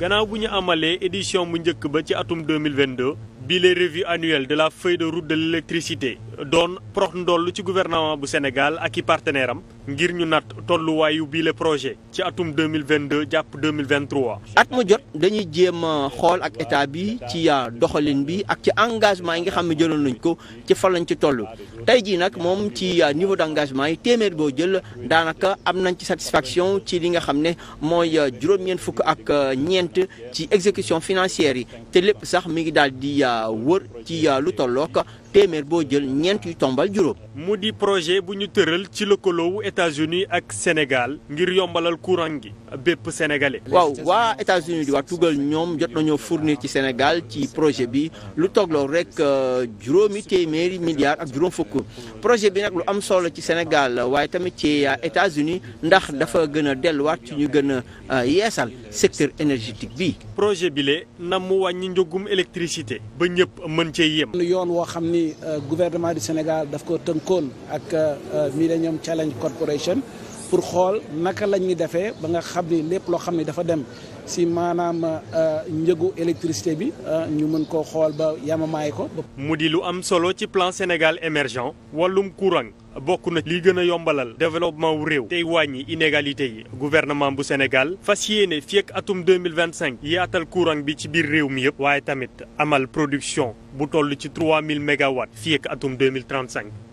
gannaaw bu ñu amalee édition bu njëkk ba ci atum 2022 bi les revues annuelles de la feuille de route de l'électricité doon prox ndoll ci gouvernement bu Sénégal ak i partenaire am ngir ñu nat tolluwaayu bii le projet ci atum 2022 jàpp 2023 at mu jot dañuy jéem a xool ak état bi ci euh, doxalin bi ak ci engagement yi nga xam ne jëloon nañ ko ci fan lañ ci toll tey jii nag moom ci euh, niveau d'engagement yi téeméer boo jël daanaka am nañ ci satisfaction ci li nga xam ne mooy euh, juróom-ñeent fukk ak ñeent ci exécution financière yi te lépp sax wër ci lu tollook téeméer boo jël ñeent yu tombal juróom. mu di projet bu ñu tëral ci lëkkaloowu États-Unis ak Sénégal ngir yombalal courant gi bépp sénégalais. waaw waa États-Unis di waa tugal ñoom jot nañoo fournir ci Sénégal ci projet bi lu togloo rek euh, juróomi téeméeri milliards ak juróom fukk projet bi nag lu am solo ci Sénégal waaye tamit ci euh, états ndax dafa gën a delluwaat ci ñu gën a euh, yeesal secteur énergétique bi. projet bi le na mu wàññi njógum électricité ba ñëpp mën cee yem. yoon ni euh, gouvernement di Sénégal daf ko tënkoon ak euh, Millennium Challenge Corporation pour xool naka la ñuy defee ba nga xam ni lépp loo xam ni dafa dem si maanaam euh, njëgu électricité bi ñu mën koo xool ba yamamaay ko. mu di lu am solo ci plan Sénégal émergent wàllum courant. bokk na li gën a yombalal développement wu réew tey wàññi inégalité yi gouvernement bu Sénégal fas yéene fii ak atum 2025 yaatal courant bi ci biir réew mi yëpp waaye tamit amal production bu toll ci 3000 mégawatts fii ak atum 2035